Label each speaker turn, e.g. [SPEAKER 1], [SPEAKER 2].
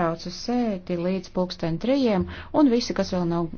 [SPEAKER 1] pārtraucu sēdi līdz pulksten trijiem, un visi, kas vēl nav